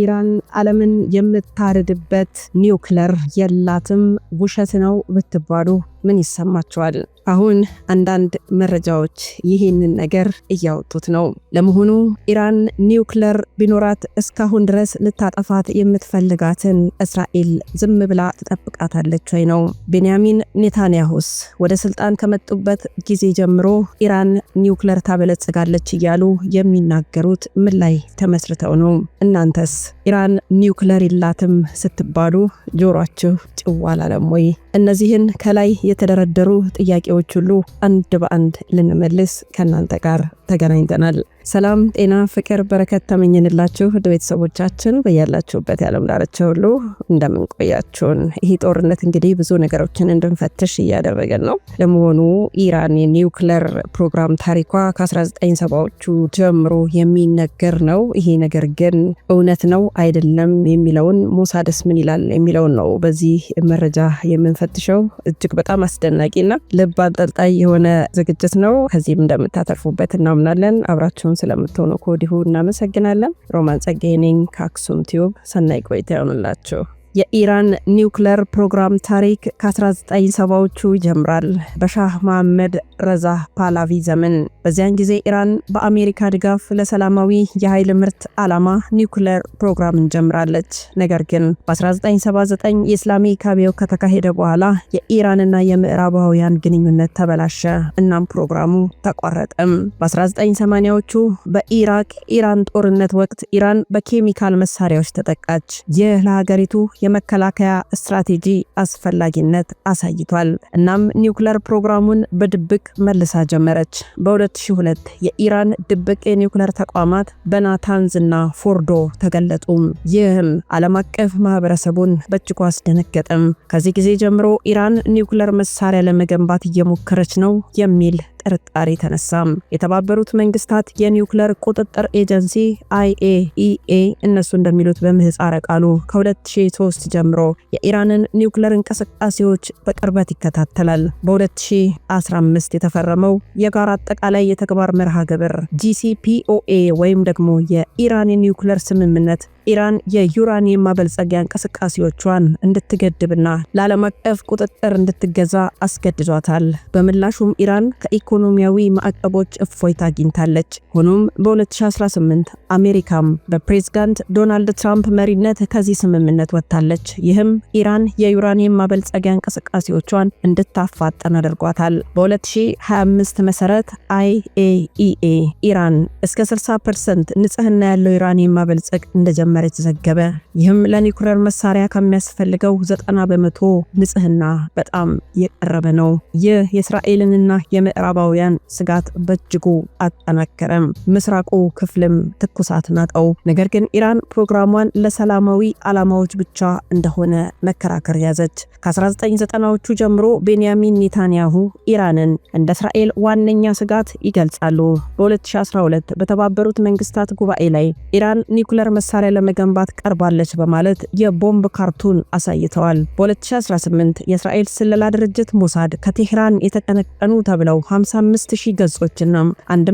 ኢራን ዓለምን የምታርድበት ኒውክለር የላትም ውሸት ነው ብትባሉ ምን ይሰማቸዋል? አሁን አንዳንድ መረጃዎች ይህንን ነገር እያወጡት ነው። ለመሆኑ ኢራን ኒውክለር ቢኖራት እስካሁን ድረስ ልታጠፋት የምትፈልጋትን እስራኤል ዝም ብላ ትጠብቃታለች ወይ ነው? ቤንያሚን ኔታንያሁስ ወደ ስልጣን ከመጡበት ጊዜ ጀምሮ ኢራን ኒውክለር ታበለጽጋለች እያሉ የሚናገሩት ምን ላይ ተመስርተው ነው? እናንተስ ኢራን ኒውክለር የላትም ስትባሉ ጆሯችሁ ጭዋላለም ወይ? እነዚህን ከላይ የተደረደሩ ጥያቄዎች ሁሉ አንድ በአንድ ልንመልስ ከእናንተ ጋር ተገናኝተናል። ሰላም፣ ጤና፣ ፍቅር፣ በረከት ተመኝንላችሁ ውድ ቤተሰቦቻችን በያላችሁበት የዓለም ዳርቻ ሁሉ እንደምንቆያችሁን። ይህ ጦርነት እንግዲህ ብዙ ነገሮችን እንድንፈትሽ እያደረገን ነው። ለመሆኑ ኢራን የኒውክለር ፕሮግራም ታሪኳ ከ1970ዎቹ ጀምሮ የሚነገር ነው። ይሄ ነገር ግን እውነት ነው አይደለም የሚለውን ሞሳደስ ምን ይላል የሚለውን ነው በዚህ መረጃ የምንፈትሸው። እጅግ በጣም በጣም አስደናቂና ልብ አንጠልጣይ የሆነ ዝግጅት ነው። ከዚህም እንደምታተርፉበት እናምናለን። አብራችሁን ስለምትሆኑ ከወዲሁ እናመሰግናለን። ሮማን ጸጋዬ ነኝ ከአክሱም ቲዩብ። ሰናይ ቆይታ ይሆንላችሁ። የኢራን ኒውክለር ፕሮግራም ታሪክ ከ1970ዎቹ ይጀምራል በሻህ መሐመድ ረዛ ፓላቪ ዘመን። በዚያን ጊዜ ኢራን በአሜሪካ ድጋፍ ለሰላማዊ የኃይል ምርት ዓላማ ኒውክለር ፕሮግራም ጀምራለች። ነገር ግን በ1979 የእስላሚ ካቢያው ከተካሄደ በኋላ የኢራንና የምዕራባውያን ግንኙነት ተበላሸ፣ እናም ፕሮግራሙ ተቋረጠም። በ1980ዎቹ በኢራቅ ኢራን ጦርነት ወቅት ኢራን በኬሚካል መሳሪያዎች ተጠቃች። ይህ ለሀገሪቱ የመከላከያ ስትራቴጂ አስፈላጊነት አሳይቷል። እናም ኒውክለር ፕሮግራሙን በድብቅ መልሳ ጀመረች። በ2002 የኢራን ድብቅ የኒውክለር ተቋማት በናታንዝ እና ፎርዶ ተገለጡ። ይህም ዓለም አቀፍ ማህበረሰቡን በእጅጉ አስደነገጠም። ከዚህ ጊዜ ጀምሮ ኢራን ኒውክለር መሳሪያ ለመገንባት እየሞከረች ነው የሚል ጥርጣሬ ተነሳም። የተባበሩት መንግስታት የኒውክለር ቁጥጥር ኤጀንሲ አይኤኢኤ እነሱ እንደሚሉት በምህፃረ ቃሉ ከ2003 ጀምሮ የኢራንን ኒውክለር እንቅስቃሴዎች በቅርበት ይከታተላል። በ2015 የተፈረመው የጋራ አጠቃላይ የተግባር መርሃ ግብር ጂሲፒኦኤ ወይም ደግሞ የኢራን የኒውክለር ስምምነት ኢራን የዩራኒየም ማበልጸጊያ እንቅስቃሴዎቿን እንድትገድብና ለዓለም አቀፍ ቁጥጥር እንድትገዛ አስገድዷታል። በምላሹም ኢራን ከኢኮኖሚያዊ ማዕቀቦች እፎይታ አግኝታለች። ሆኖም በ2018 አሜሪካም በፕሬዝዳንት ዶናልድ ትራምፕ መሪነት ከዚህ ስምምነት ወጥታለች። ይህም ኢራን የዩራኒየም ማበልጸጊያ እንቅስቃሴዎቿን እንድታፋጠን አድርጓታል። በ2025 መሰረት አይኤኢኤ ኢራን እስከ 60 ፐርሰንት ንጽህና ያለው ዩራኒየም ማበልጸግ እንደጀመረ መጀመሪያ የተዘገበ። ይህም ለኒውክሌር መሳሪያ ከሚያስፈልገው 90 በመቶ ንጽህና በጣም የቀረበ ነው። ይህ የእስራኤልንና የምዕራባውያን ስጋት በእጅጉ አጠናከረም። ምስራቁ ክፍልም ትኩሳት ናጠው። ነገር ግን ኢራን ፕሮግራሟን ለሰላማዊ ዓላማዎች ብቻ እንደሆነ መከራከር ያዘች። ከ1990ዎቹ ጀምሮ ቤንያሚን ኔታንያሁ ኢራንን እንደ እስራኤል ዋነኛ ስጋት ይገልጻሉ። በ2012 በተባበሩት መንግስታት ጉባኤ ላይ ኢራን ኒውክሌር መሳሪያ ለመገንባት ቀርባለች በማለት የቦምብ ካርቱን አሳይተዋል። በ2018 የእስራኤል ስለላ ድርጅት ሞሳድ ከቴህራን የተቀነቀኑ ተብለው 55000 ገጾችና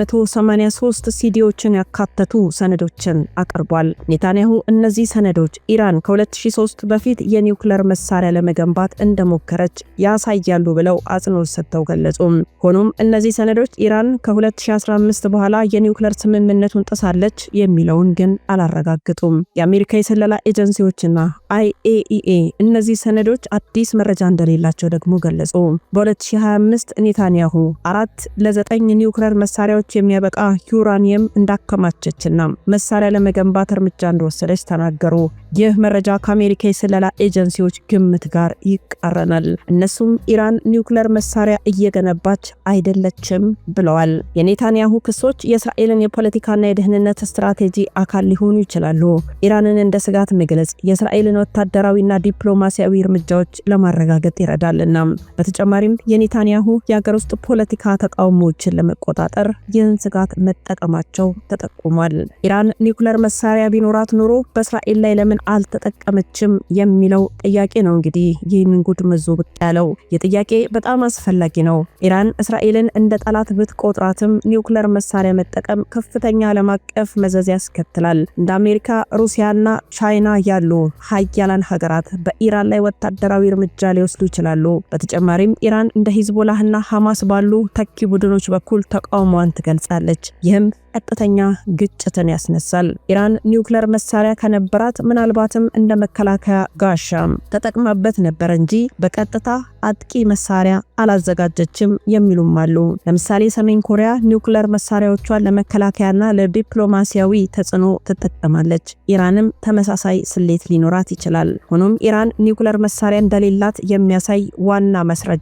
183 ሲዲዎችን ያካተቱ ሰነዶችን አቅርቧል። ኔታንያሁ እነዚህ ሰነዶች ኢራን ከ2003 በፊት የኒውክለር መሳሪያ ለመገንባት እንደሞከረች ያሳያሉ ብለው አጽንኦት ሰጥተው ገለጹ። ሆኖም እነዚህ ሰነዶች ኢራን ከ2015 በኋላ የኒውክለር ስምምነቱን ጥሳለች የሚለውን ግን አላረጋግጡም። የአሜሪካ የስለላ ኤጀንሲዎችና አይኤኢኤ እነዚህ ሰነዶች አዲስ መረጃ እንደሌላቸው ደግሞ ገለጹ። በ2025 ኔታንያሁ አራት ለዘጠኝ ኒውክለር መሳሪያዎች የሚያበቃ ዩራኒየም እንዳከማቸችና መሳሪያ ለመገንባት እርምጃ እንደወሰደች ተናገሩ። ይህ መረጃ ከአሜሪካ የስለላ ኤጀንሲዎች ግምት ጋር ይቃረናል። እነሱም ኢራን ኒውክለር መሳሪያ እየገነባች አይደለችም ብለዋል። የኔታንያሁ ክሶች የእስራኤልን የፖለቲካና የደህንነት ስትራቴጂ አካል ሊሆኑ ይችላሉ። ኢራንን እንደ ስጋት መግለጽ የእስራኤልን ወታደራዊና ዲፕሎማሲያዊ እርምጃዎች ለማረጋገጥ ይረዳልና በተጨማሪም የኔታንያሁ የአገር ውስጥ ፖለቲካ ተቃውሞዎችን ለመቆጣጠር ይህን ስጋት መጠቀማቸው ተጠቁሟል። ኢራን ኒውክለር መሳሪያ ቢኖራት ኑሮ በእስራኤል ላይ ለምን አልተጠቀመችም የሚለው ጥያቄ ነው። እንግዲህ ይህንን ጉድ መዞ ብቅ ያለው የጥያቄ በጣም አስፈላጊ ነው። ኢራን እስራኤልን እንደ ጠላት ብትቆጥራትም ኒውክለር መሳሪያ መጠቀም ከፍተኛ ዓለም አቀፍ መዘዝ ያስከትላል። እንደ አሜሪካ ሩሲያና ቻይና ያሉ ሀያላን ሀገራት በኢራን ላይ ወታደራዊ እርምጃ ሊወስዱ ይችላሉ። በተጨማሪም ኢራን እንደ ሂዝቦላህና ሐማስ ባሉ ተኪ ቡድኖች በኩል ተቃውሞዋን ትገልጻለች። ይህም ቀጥተኛ ግጭትን ያስነሳል። ኢራን ኒውክለር መሳሪያ ከነበራት ምናልባትም እንደ መከላከያ ጋሻም ተጠቅማበት ነበር እንጂ በቀጥታ አጥቂ መሳሪያ አላዘጋጀችም የሚሉም አሉ። ለምሳሌ ሰሜን ኮሪያ ኒውክለር መሳሪያዎቿን ለመከላከያና ለዲፕሎማሲያዊ ተጽዕኖ ትጠቀማለች። ኢራንም ተመሳሳይ ስሌት ሊኖራት ይችላል። ሆኖም ኢራን ኒውክለር መሳሪያ እንደሌላት የሚያሳይ ዋና ማስረጃ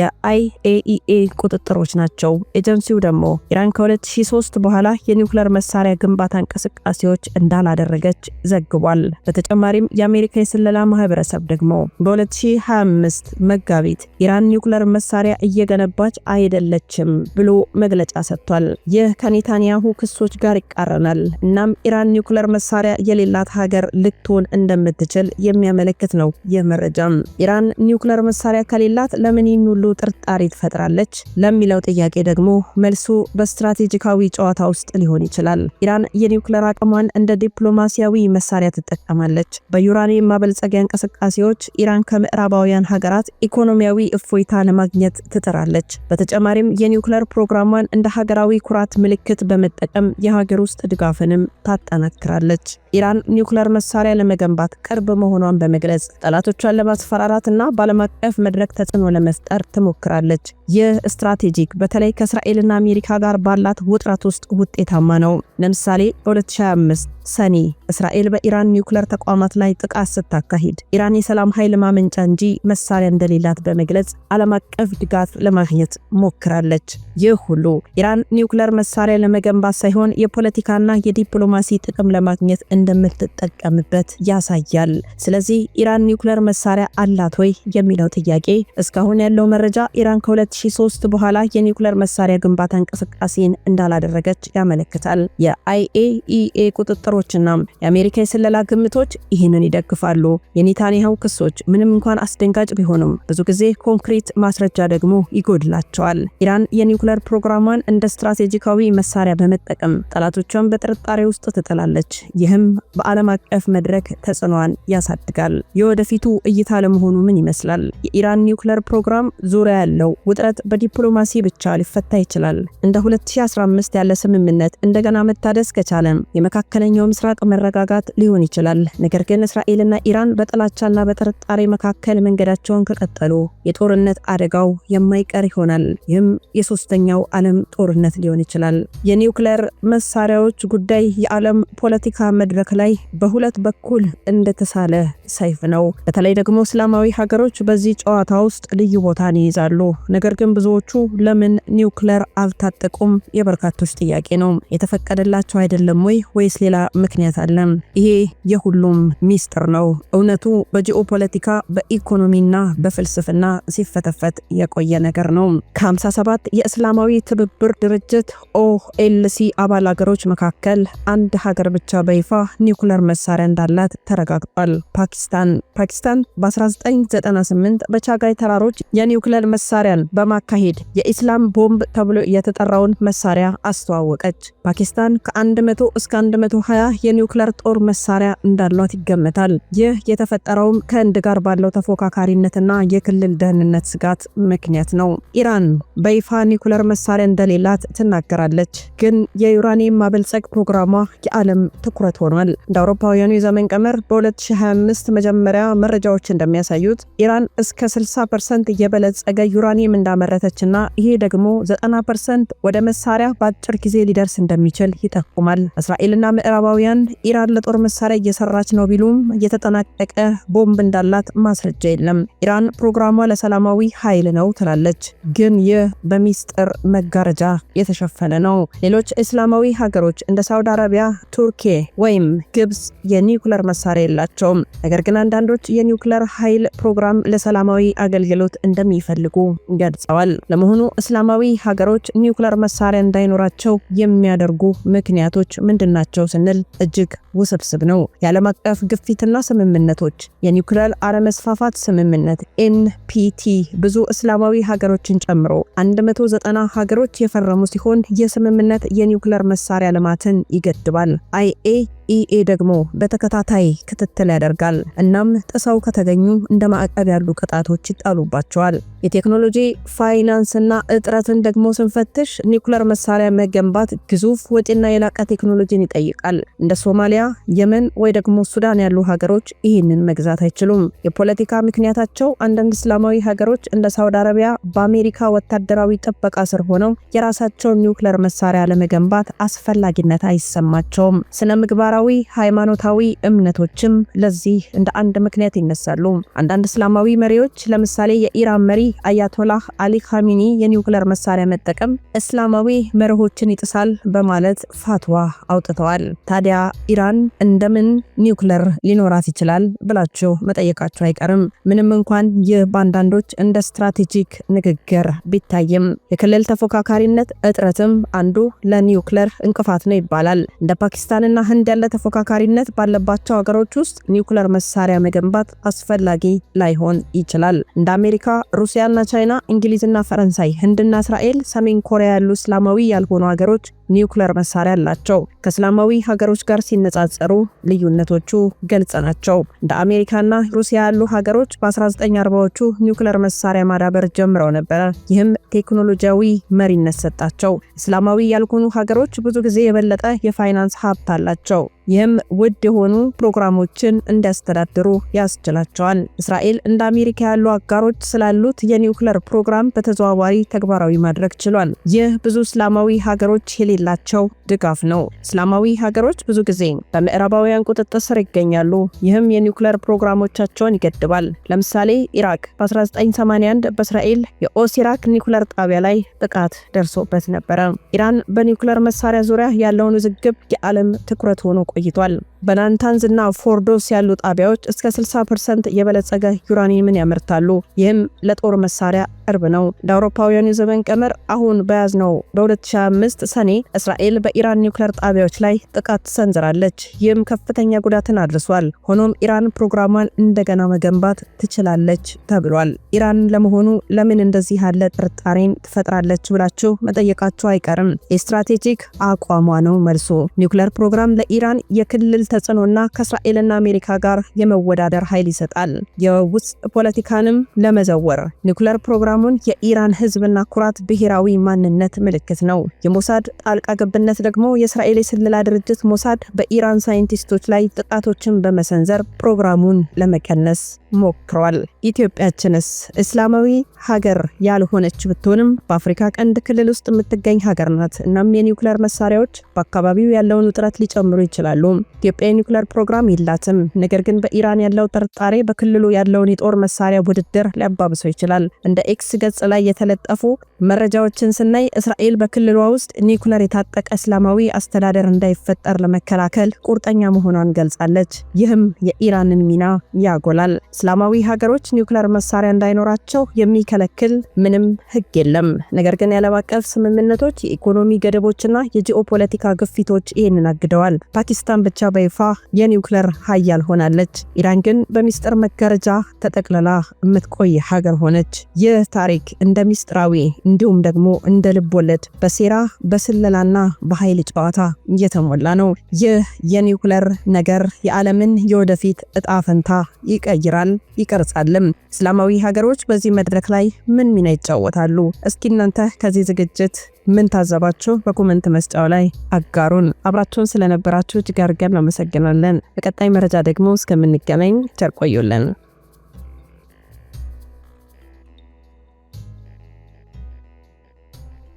የአይኤኢኤ ቁጥጥሮች ናቸው። ኤጀንሲው ደግሞ ኢራን ከ2003 በኋላ በኋላ የኒውክለር መሳሪያ ግንባታ እንቅስቃሴዎች እንዳላደረገች ዘግቧል። በተጨማሪም የአሜሪካ የስለላ ማህበረሰብ ደግሞ በ2025 መጋቢት ኢራን ኒውክለር መሳሪያ እየገነባች አይደለችም ብሎ መግለጫ ሰጥቷል። ይህ ከኔታንያሁ ክሶች ጋር ይቃረናል። እናም ኢራን ኒውክለር መሳሪያ የሌላት ሀገር ልትሆን እንደምትችል የሚያመለክት ነው። ይህ መረጃም ኢራን ኒውክለር መሳሪያ ከሌላት ለምን ይህን ሁሉ ጥርጣሬ ትፈጥራለች ለሚለው ጥያቄ ደግሞ መልሱ በስትራቴጂካዊ ጨዋታ ውስጥ ሊሆን ይችላል። ኢራን የኒውክለር አቅሟን እንደ ዲፕሎማሲያዊ መሳሪያ ትጠቀማለች። በዩራኒየም ማበልጸጊያ እንቅስቃሴዎች ኢራን ከምዕራባውያን ሀገራት ኢኮኖሚያዊ እፎይታ ለማግኘት ትጥራለች። በተጨማሪም የኒውክለር ፕሮግራሟን እንደ ሀገራዊ ኩራት ምልክት በመጠቀም የሀገር ውስጥ ድጋፍንም ታጠናክራለች። ኢራን ኒውክለር መሳሪያ ለመገንባት ቅርብ መሆኗን በመግለጽ ጠላቶቿን ለማስፈራራት እና በዓለም አቀፍ መድረክ ተጽዕኖ ለመፍጠር ትሞክራለች። ይህ ስትራቴጂክ በተለይ ከእስራኤልና አሜሪካ ጋር ባላት ውጥረት ውስጥ ውጤታማ ነው። ለምሳሌ በ2025 ሰኔ እስራኤል በኢራን ኒውክለር ተቋማት ላይ ጥቃት ስታካሂድ ኢራን የሰላም ኃይል ማመንጫ እንጂ መሳሪያ እንደሌላት በመግለጽ ዓለም አቀፍ ድጋፍ ለማግኘት ሞክራለች። ይህ ሁሉ ኢራን ኒውክለር መሳሪያ ለመገንባት ሳይሆን የፖለቲካና የዲፕሎማሲ ጥቅም ለማግኘት እንደምትጠቀምበት ያሳያል። ስለዚህ ኢራን ኒውክለር መሳሪያ አላት ወይ የሚለው ጥያቄ እስካሁን ያለው መረጃ ኢራን ከ2003 በኋላ የኒውክለር መሳሪያ ግንባታ እንቅስቃሴን እንዳላደረገች ያመለክታል። የአይኤኢኤ ቁጥጥር መረጃዎችና የአሜሪካ የስለላ ግምቶች ይህንን ይደግፋሉ። የኔታንያሁ ክሶች ምንም እንኳን አስደንጋጭ ቢሆኑም ብዙ ጊዜ ኮንክሪት ማስረጃ ደግሞ ይጎድላቸዋል። ኢራን የኒውክለር ፕሮግራሟን እንደ ስትራቴጂካዊ መሳሪያ በመጠቀም ጠላቶቿን በጥርጣሬ ውስጥ ትጥላለች። ይህም በዓለም አቀፍ መድረክ ተጽዕኖዋን ያሳድጋል። የወደፊቱ እይታ ለመሆኑ ምን ይመስላል? የኢራን ኒውክለር ፕሮግራም ዙሪያ ያለው ውጥረት በዲፕሎማሲ ብቻ ሊፈታ ይችላል። እንደ 2015 ያለ ስምምነት እንደገና መታደስ ከቻለም የመካከለኛው ምስራቅ መረጋጋት ሊሆን ይችላል። ነገር ግን እስራኤልና ኢራን በጥላቻና በጥርጣሬ መካከል መንገዳቸውን ከቀጠሉ የጦርነት አደጋው የማይቀር ይሆናል። ይህም የሶስተኛው ዓለም ጦርነት ሊሆን ይችላል። የኒውክሌር መሳሪያዎች ጉዳይ የዓለም ፖለቲካ መድረክ ላይ በሁለት በኩል እንደተሳለ ሰይፍ ነው። በተለይ ደግሞ እስላማዊ ሀገሮች በዚህ ጨዋታ ውስጥ ልዩ ቦታን ይይዛሉ። ነገር ግን ብዙዎቹ ለምን ኒውክሌር አልታጠቁም የበርካቶች ጥያቄ ነው። የተፈቀደላቸው አይደለም ወይ ወይስ ሌላ ምክንያት አለ። ይሄ የሁሉም ሚስጥር ነው። እውነቱ በጂኦፖለቲካ በኢኮኖሚና በፍልስፍና ሲፈተፈት የቆየ ነገር ነው። ከ57 የእስላማዊ ትብብር ድርጅት ኦኤልሲ አባል ሀገሮች መካከል አንድ ሀገር ብቻ በይፋ ኒውክለር መሳሪያ እንዳላት ተረጋግጧል። ፓኪስታን ፓኪስታን በ1998 በቻጋይ ተራሮች የኒውክለር መሳሪያን በማካሄድ የኢስላም ቦምብ ተብሎ የተጠራውን መሳሪያ አስተዋወቀች። ፓኪስታን ከ100 እስከ 120 ሶማሊያ የኒውክለር ጦር መሳሪያ እንዳሏት ይገመታል። ይህ የተፈጠረውም ከህንድ ጋር ባለው ተፎካካሪነትና የክልል ደህንነት ስጋት ምክንያት ነው። ኢራን በይፋ ኒውክለር መሳሪያ እንደሌላት ትናገራለች፣ ግን የዩራኒየም ማበልጸግ ፕሮግራሟ የዓለም ትኩረት ሆኗል። እንደ አውሮፓውያኑ የዘመን ቀመር በ2025 መጀመሪያ መረጃዎች እንደሚያሳዩት ኢራን እስከ 60 ፐርሰንት ዩራኒየም ዩራኒየም እንዳመረተችና ይሄ ደግሞ 90 ፐርሰንት ወደ መሳሪያ በአጭር ጊዜ ሊደርስ እንደሚችል ይጠቁማል። እስራኤልና ምዕራብ ምዕራባውያን ኢራን ለጦር መሳሪያ እየሰራች ነው ቢሉም እየተጠናቀቀ ቦምብ እንዳላት ማስረጃ የለም። ኢራን ፕሮግራሟ ለሰላማዊ ኃይል ነው ትላለች፣ ግን ይህ በሚስጥር መጋረጃ የተሸፈነ ነው። ሌሎች እስላማዊ ሀገሮች እንደ ሳውዲ አረቢያ፣ ቱርኬ ወይም ግብፅ የኒውክለር መሳሪያ የላቸውም። ነገር ግን አንዳንዶች የኒውክለር ኃይል ፕሮግራም ለሰላማዊ አገልግሎት እንደሚፈልጉ ገልጸዋል። ለመሆኑ እስላማዊ ሀገሮች ኒውክለር መሳሪያ እንዳይኖራቸው የሚያደርጉ ምክንያቶች ምንድን ናቸው ስንል መከላከል እጅግ ውስብስብ ነው። የዓለም አቀፍ ግፊትና ስምምነቶች፣ የኒውክሌር አለመስፋፋት ስምምነት ኤንፒቲ ብዙ እስላማዊ ሀገሮችን ጨምሮ 190 ሀገሮች የፈረሙ ሲሆን የስምምነት የኒውክሌር መሳሪያ ልማትን ይገድባል። አይኤ ኢኤ ደግሞ በተከታታይ ክትትል ያደርጋል። እናም ጥሰው ከተገኙ እንደ ማዕቀብ ያሉ ቅጣቶች ይጣሉባቸዋል። የቴክኖሎጂ ፋይናንስና እጥረትን ደግሞ ስንፈትሽ ኒኩለር መሳሪያ መገንባት ግዙፍ ወጪና የላቀ ቴክኖሎጂን ይጠይቃል። እንደ ሶማሊያ፣ የመን ወይ ደግሞ ሱዳን ያሉ ሀገሮች ይህንን መግዛት አይችሉም። የፖለቲካ ምክንያታቸው አንዳንድ እስላማዊ ሀገሮች እንደ ሳውዲ አረቢያ በአሜሪካ ወታደራዊ ጥበቃ ስር ሆነው የራሳቸውን ኒኩለር መሳሪያ ለመገንባት አስፈላጊነት አይሰማቸውም። ስነ ምግባራ ማህበራዊ ሃይማኖታዊ እምነቶችም ለዚህ እንደ አንድ ምክንያት ይነሳሉ። አንዳንድ እስላማዊ መሪዎች ለምሳሌ የኢራን መሪ አያቶላህ አሊ ካሚኒ የኒውክለር መሳሪያ መጠቀም እስላማዊ መርሆችን ይጥሳል በማለት ፋትዋ አውጥተዋል። ታዲያ ኢራን እንደምን ኒውክለር ሊኖራት ይችላል ብላችሁ መጠየቃችሁ አይቀርም። ምንም እንኳን ይህ በአንዳንዶች እንደ ስትራቴጂክ ንግግር ቢታይም የክልል ተፎካካሪነት እጥረትም አንዱ ለኒውክለር እንቅፋት ነው ይባላል። እንደ ፓኪስታንና ህንድ ያለ ተፎካካሪነት ባለባቸው ሀገሮች ውስጥ ኒውክለር መሳሪያ መገንባት አስፈላጊ ላይሆን ይችላል። እንደ አሜሪካ፣ ሩሲያና ቻይና፣ እንግሊዝና ፈረንሳይ፣ ህንድና እስራኤል፣ ሰሜን ኮሪያ ያሉ እስላማዊ ያልሆኑ ሀገሮች ኒውክለር መሳሪያ አላቸው። ከእስላማዊ ሀገሮች ጋር ሲነጻጸሩ ልዩነቶቹ ግልጽ ናቸው። እንደ አሜሪካና ሩሲያ ያሉ ሀገሮች በ1940ዎቹ ኒውክለር መሳሪያ ማዳበር ጀምረው ነበር። ይህም ቴክኖሎጂያዊ መሪነት ሰጣቸው። እስላማዊ ያልሆኑ ሀገሮች ብዙ ጊዜ የበለጠ የፋይናንስ ሀብት አላቸው። ይህም ውድ የሆኑ ፕሮግራሞችን እንዲያስተዳድሩ ያስችላቸዋል። እስራኤል እንደ አሜሪካ ያሉ አጋሮች ስላሉት የኒውክለር ፕሮግራም በተዘዋዋሪ ተግባራዊ ማድረግ ችሏል። ይህ ብዙ እስላማዊ ሀገሮች የሌላቸው ድጋፍ ነው። እስላማዊ ሀገሮች ብዙ ጊዜ በምዕራባውያን ቁጥጥር ስር ይገኛሉ። ይህም የኒውክለር ፕሮግራሞቻቸውን ይገድባል። ለምሳሌ ኢራቅ በ1981 በእስራኤል የኦሲራክ ኒውክለር ጣቢያ ላይ ጥቃት ደርሶበት ነበረ። ኢራን በኒውክለር መሳሪያ ዙሪያ ያለውን ውዝግብ የዓለም ትኩረት ሆኖ ቆይቷል። በናንታንዝ እና ፎርዶስ ያሉ ጣቢያዎች እስከ 60 ፐርሰንት የበለጸገ ዩራኒየምን ያመርታሉ። ይህም ለጦር መሳሪያ ቅርብ ነው። እንደ አውሮፓውያኑ የዘመን ቀመር አሁን በያዝነው በ2025 ሰኔ እስራኤል በኢራን ኒውክሌር ጣቢያዎች ላይ ጥቃት ሰንዝራለች። ይህም ከፍተኛ ጉዳትን አድርሷል። ሆኖም ኢራን ፕሮግራሟን እንደገና መገንባት ትችላለች ተብሏል። ኢራን ለመሆኑ ለምን እንደዚህ ያለ ጥርጣሬን ትፈጥራለች ብላችሁ መጠየቃችሁ አይቀርም። የስትራቴጂክ አቋሟ ነው መልሶ። ኒውክሌር ፕሮግራም ለኢራን የክልል ተጽዕኖና ከእስራኤልና አሜሪካ ጋር የመወዳደር ኃይል ይሰጣል። የውስጥ ፖለቲካንም ለመዘወር ኒኩለር ፕሮግራሙን የኢራን ህዝብና ኩራት ብሔራዊ ማንነት ምልክት ነው። የሞሳድ ጣልቃ ገብነት ደግሞ የእስራኤል የስለላ ድርጅት ሞሳድ በኢራን ሳይንቲስቶች ላይ ጥቃቶችን በመሰንዘር ፕሮግራሙን ለመቀነስ ሞክረዋል። ኢትዮጵያችንስ እስላማዊ ሀገር ያልሆነች ብትሆንም በአፍሪካ ቀንድ ክልል ውስጥ የምትገኝ ሀገር ናት። እናም የኒውክሌር መሳሪያዎች በአካባቢው ያለውን ውጥረት ሊጨምሩ ይችላሉ። ኢትዮጵያ የኒውክሌር ፕሮግራም የላትም። ነገር ግን በኢራን ያለው ጥርጣሬ በክልሉ ያለውን የጦር መሳሪያ ውድድር ሊያባብሰው ይችላል። እንደ ኤክስ ገጽ ላይ የተለጠፉ መረጃዎችን ስናይ እስራኤል በክልሏ ውስጥ ኒውክሌር የታጠቀ እስላማዊ አስተዳደር እንዳይፈጠር ለመከላከል ቁርጠኛ መሆኗን ገልጻለች። ይህም የኢራንን ሚና ያጎላል። እስላማዊ ሀገሮች ኒውክለር መሳሪያ እንዳይኖራቸው የሚከለክል ምንም ህግ የለም። ነገር ግን የዓለም አቀፍ ስምምነቶች፣ የኢኮኖሚ ገደቦችና የጂኦፖለቲካ ግፊቶች ይህንን አግደዋል። ፓኪስታን ብቻ በይፋ የኒውክለር ሀያል ሆናለች። ኢራን ግን በሚስጥር መጋረጃ ተጠቅልላ የምትቆይ ሀገር ሆነች። ይህ ታሪክ እንደ ሚስጥራዊ እንዲሁም ደግሞ እንደ ልቦለድ በሴራ በስለላና በኃይል ጨዋታ እየተሞላ ነው። ይህ የኒውክለር ነገር የዓለምን የወደፊት እጣ ፈንታ ይቀይራል። ሁኔታን ይቀርጻልም። እስላማዊ ሀገሮች በዚህ መድረክ ላይ ምን ሚና ይጫወታሉ? እስኪ እናንተ ከዚህ ዝግጅት ምን ታዘባችሁ? በኮመንት መስጫው ላይ አጋሩን። አብራችሁን ስለነበራችሁ እጅግ አድርገን እናመሰግናለን። በቀጣይ መረጃ ደግሞ እስከምንገናኝ ቸር ቆዩልን።